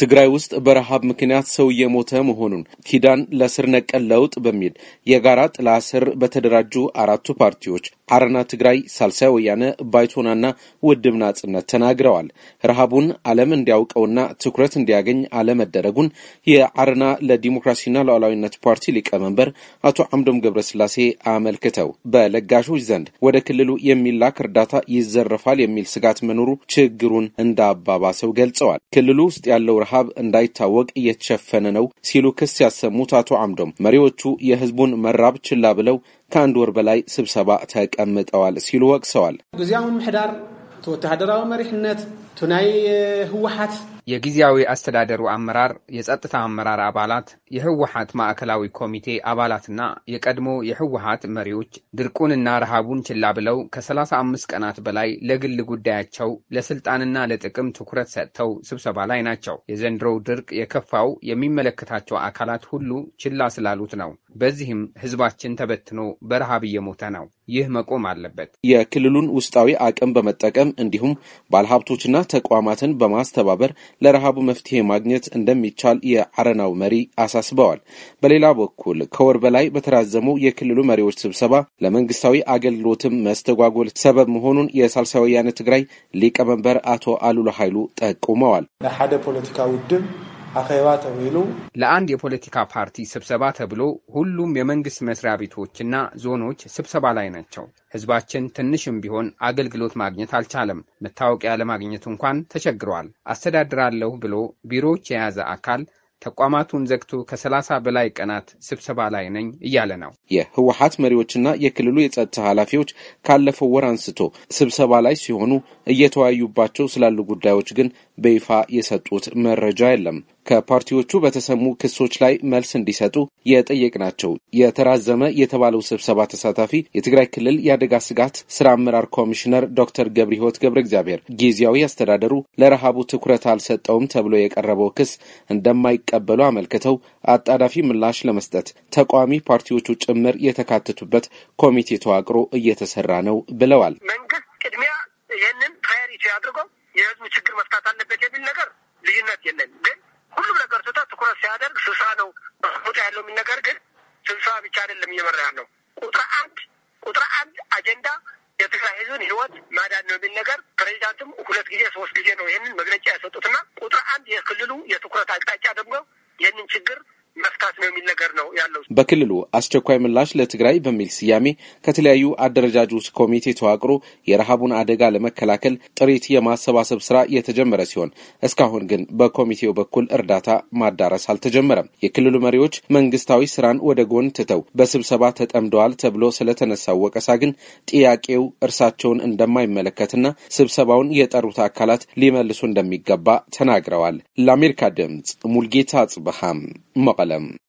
ትግራይ ውስጥ በረሃብ ምክንያት ሰው እየሞተ መሆኑን ኪዳን ለስር ነቀል ለውጥ በሚል የጋራ ጥላ ስር በተደራጁ አራቱ ፓርቲዎች አረና ትግራይ፣ ሳልሳይ ወያነ፣ ባይቶናና ውድብ ናጽነት ተናግረዋል። ረሃቡን ዓለም እንዲያውቀውና ትኩረት እንዲያገኝ አለመደረጉን የአረና ለዲሞክራሲና ለሉዓላዊነት ፓርቲ ሊቀመንበር አቶ አምዶም ገብረስላሴ አመልክተው በለጋሾች ዘንድ ወደ ክልሉ የሚላክ እርዳታ ይዘረፋል የሚል ስጋት መኖሩ ችግሩን እንዳባባሰው ገልጸዋል። ክልሉ ውስጥ ያለው ረሃብ እንዳይታወቅ እየተሸፈነ ነው ሲሉ ክስ ያሰሙት አቶ አምዶም መሪዎቹ የህዝቡን መራብ ችላ ብለው ከአንድ ወር በላይ ስብሰባ ተቀምጠዋል ሲሉ ወቅሰዋል። ግዚያዊ ምሕዳር ተወታደራዊ መሪሕነት ቱናይ ህወሓት የጊዜያዊ አስተዳደሩ አመራር፣ የጸጥታ አመራር አባላት፣ የህወሓት ማዕከላዊ ኮሚቴ አባላትና የቀድሞ የህወሓት መሪዎች ድርቁንና ረሃቡን ችላ ብለው ከ35 ቀናት በላይ ለግል ጉዳያቸው ለስልጣንና ለጥቅም ትኩረት ሰጥተው ስብሰባ ላይ ናቸው። የዘንድሮው ድርቅ የከፋው የሚመለከታቸው አካላት ሁሉ ችላ ስላሉት ነው። በዚህም ህዝባችን ተበትኖ በረሃብ እየሞተ ነው። ይህ መቆም አለበት። የክልሉን ውስጣዊ አቅም በመጠቀም እንዲሁም ባለሀብቶችና ተቋማትን በማስተባበር ለረሃቡ መፍትሄ ማግኘት እንደሚቻል የአረናው መሪ አሳስበዋል። በሌላ በኩል ከወር በላይ በተራዘመው የክልሉ መሪዎች ስብሰባ ለመንግስታዊ አገልግሎትም መስተጓጎል ሰበብ መሆኑን የሳልሳይ ወያነ ትግራይ ሊቀመንበር አቶ አሉላ ኃይሉ ጠቁመዋል። ሓደ ፖለቲካ ውድብ አኸባ ተብሎ ለአንድ የፖለቲካ ፓርቲ ስብሰባ ተብሎ ሁሉም የመንግስት መስሪያ ቤቶችና ዞኖች ስብሰባ ላይ ናቸው። ህዝባችን ትንሽም ቢሆን አገልግሎት ማግኘት አልቻለም። መታወቂያ ለማግኘት እንኳን ተቸግሯል። አስተዳድራለሁ ብሎ ቢሮዎች የያዘ አካል ተቋማቱን ዘግቶ ከሰላሳ በላይ ቀናት ስብሰባ ላይ ነኝ እያለ ነው። የህወሀት መሪዎችና የክልሉ የጸጥታ ኃላፊዎች ካለፈው ወር አንስቶ ስብሰባ ላይ ሲሆኑ እየተወያዩባቸው ስላሉ ጉዳዮች ግን በይፋ የሰጡት መረጃ የለም። ከፓርቲዎቹ በተሰሙ ክሶች ላይ መልስ እንዲሰጡ የጠየቅናቸው የተራዘመ የተባለው ስብሰባ ተሳታፊ የትግራይ ክልል የአደጋ ስጋት ስራ አመራር ኮሚሽነር ዶክተር ገብረ ህይወት ገብረ እግዚአብሔር ጊዜያዊ አስተዳደሩ ለረሃቡ ትኩረት አልሰጠውም ተብሎ የቀረበው ክስ እንደማይቀበሉ አመልክተው አጣዳፊ ምላሽ ለመስጠት ተቃዋሚ ፓርቲዎቹ ጭምር የተካተቱበት ኮሚቴ ተዋቅሮ እየተሰራ ነው ብለዋል። መንግስት ቅድሚያ ይህንን ፕራዮሪቲ አድርጎ የህዝቡ ችግር መፍታት አለበት የሚል ነገር አይደለም እየመራ ያለው። ቁጥር አንድ ቁጥር አንድ አጀንዳ የትግራይ ህዝብን ህይወት ማዳን ነው የሚል ነገር ፕሬዚዳንትም ሁለት ጊዜ ሶስት ጊዜ ነው ይህንን መግለጫ የሰጡትና ቁጥር አንድ የክልሉ የትኩረት አቅጣጫ ደግሞ ይህንን ችግር በክልሉ አስቸኳይ ምላሽ ለትግራይ በሚል ስያሜ ከተለያዩ አደረጃጆች ኮሚቴ ተዋቅሮ የረሃቡን አደጋ ለመከላከል ጥሪት የማሰባሰብ ስራ የተጀመረ ሲሆን እስካሁን ግን በኮሚቴው በኩል እርዳታ ማዳረስ አልተጀመረም። የክልሉ መሪዎች መንግስታዊ ስራን ወደ ጎን ትተው በስብሰባ ተጠምደዋል ተብሎ ስለተነሳው ወቀሳ ግን ጥያቄው እርሳቸውን እንደማይመለከትና ስብሰባውን የጠሩት አካላት ሊመልሱ እንደሚገባ ተናግረዋል። ለአሜሪካ ድምፅ ሙልጌታ አጽብሃም መቀለም